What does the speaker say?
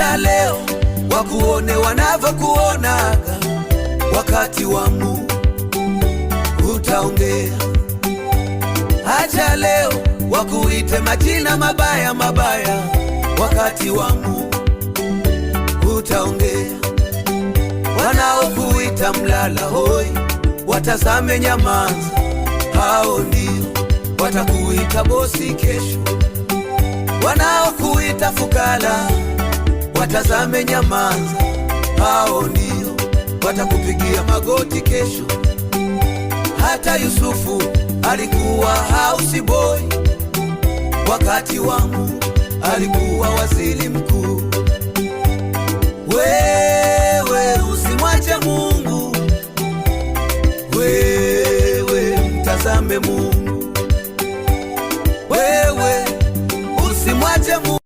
cha leo wakuone wanavyokuonaga, wakati wa Mungu utaongea. Acha leo wakuite majina mabaya mabaya, wakati wa Mungu utaongea. Wanaokuita mlala hoi watazame Nyamaza, hao ndio watakuita bosi kesho, wanaokuita fukala watazame Nyamaza, hao ndio watakupigia magoti kesho. Hata Yusufu alikuwa house boy, wakati wangu alikuwa waziri mkuu. Wewe usimwache Mungu, wewe mtazame Mungu.